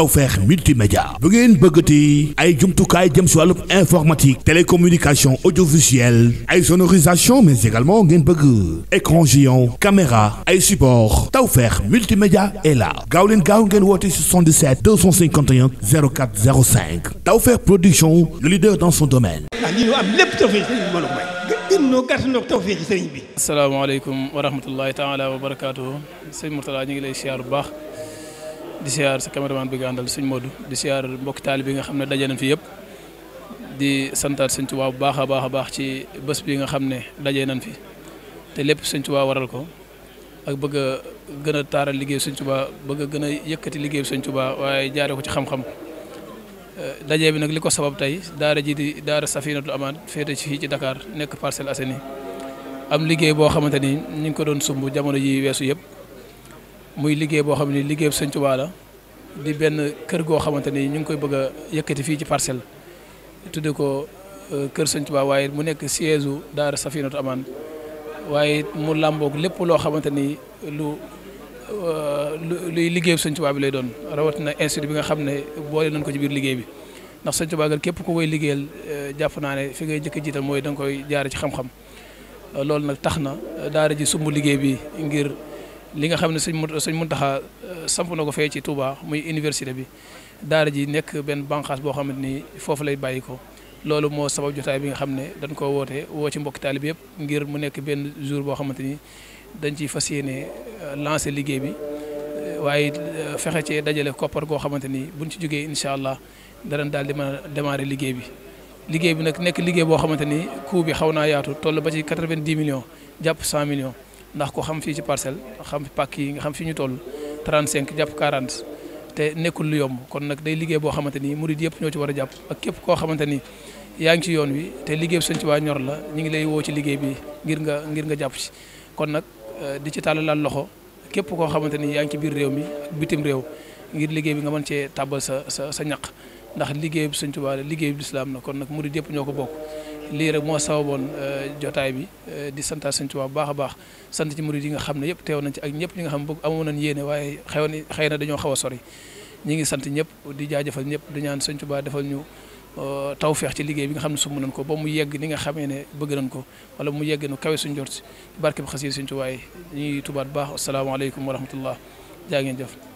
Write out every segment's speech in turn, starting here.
Tawfekh multimédia bu ngeen bëgg bëggati ay jumtukaay jëm si wàllu informatique télécommunication audiovisuelle ay sonorisation mais également ngeen bëgg écran géant caméra ay support Tawfekh multimédia est là gaaw leen gaaw ngeen woote 77 251 04 05 Tawfekh production le leader dans son domaine ah, asalaamaaleykum wa rahmatullahi taala wa barakaatuhu sëñ Mourtala ñu ngi lay siyaar bu baax di siyaar sa caméraman bi nga àndal sëñ Modou di siyaar mbokki taali bi nga xam ne daje nañ fi yëpp di santaat sëñ Tuubaa bu baax a baax a baax ci bés bi nga xam ne daje nañ fi te lépp sëñ Tuubaa waral ko ak bëgg a gën a taaral liggéey suñ Tuubaa bëgg a gën a yëkkati liggéey sëñ Tuubaa waaye jaare ko ci xam-xam eh, daje bi nag li ko sabab tey daara ji di daara Safinatul Amaan féete ci fii ci Dakar nekk Parcelles Assainies am liggéey boo xamante ni ñu ngi ko doon sumb jamono yi weesu yëpp muy liggéey boo xam ne liggéey bu Sëñ la di benn kër goo xamante ni ñu ngi koy bëgg a yëkkati fii ci parcelle tudde ko euh, kër Sëñ Tuubaa waaye mu nekk siège u daara Safinatu Amaan waaye mu làmboog lépp loo xamante ni lu euh, luy liggéey bu Sëñ Tuubaa bi lay doon rawatina institut bi nga xam ne boole nañ ko ci biir liggéey bi ndax Sëñ Tuubaa gal képp ku koy liggéeyal euh, jàpp naa ne fi ngay jëkk jiital mooy da nga koy jaare ci xam-xam loolu nag tax na daara ji sumb liggéey bi ngir li nga xam ne sëñ sëñ Muntaxa euh, samp na ko fee ci Touba muy université bi daara ji nekk benn banqaas boo xamante ni foofu lay bàyyi ko loolu moo sabab jotaay bi nga xam ne dañ koo woote woo ci mbokki taalib yëpp ngir mu nekk benn jour boo xamante ni dañ ciy fas yéene euh, lancer liggéey bi euh, waaye fexe cee dajale koppar goo xamante ni buñ ci jógee incha allah danañ daal di mën a liggéey bi. liggéey bi nag nekk liggéey boo xamante ni coût bi xaw naa yaatu toll ba ci quatre-vingt-dix millions jàpp cent million ndax ko xam fii ci parcelle xam pàkk yi nga xam fi ñu toll 35 jàpp 40 te nekkul lu yomb kon nag day liggéey boo xamante ni murid yëpp ñoo ci war a jàpp ak képp koo xamante yaa ngi ci yoon wi te liggéey bi Sëñ Tuubaa ñor la ñu ngi lay woo ci liggéey bi ngir nga ngir nga jàpp ci kon nag eh, di ci tàllalal loxo képp koo xamante ni yaa ngi ci biir réew mi bitim réew ngir liggéey bi nga mën cee tàbbal sa sa sa ñaq ndax liggéey bi suñ Tuubaa la liggéey bi lislaam na kon nag murid yëpp ñoo ko bokk lii rek moo sawaboon euh, jotaay bi euh, di santaat Sëñ Tuubaa bu baax baax sant ci murid yi nga xam ne yëpp teew nañ ci ak ñëpp ñi nga xam bëgg amoon nañ yéene waaye xewoon xëy na dañoo xaw a sori ñu ngi sant ñëpp di jaajëfal ñëpp di ñaan Sëñ Tuubaa defal ñu euh, tawfeex ci liggéey bi nga xam ne sumb nañ ko ba mu yegg ni nga xamee ne bëgg nañ ko wala mu yegg nu kawe suñ jort barke bi xasiir Sëñ Tuubaa ñuy tubaat baax asalaamaaleykum wa rahmatullah jaa ngeen jëf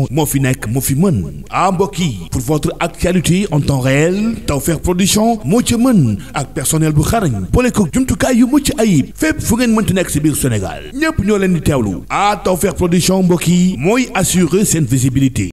production moo fi nekk moo fi mën ah mbokk yi pour votre actualité en temps réel Tawfekh production moo ci mën ak personnel bu xarañ boole ko jumtukaay yu mucc ayib fépp fu ngeen mënti nekk si biir Sénégal ñépp ñoo leen di teewlu ah Tawfekh production mbokk yi mooy assurer seen visibilité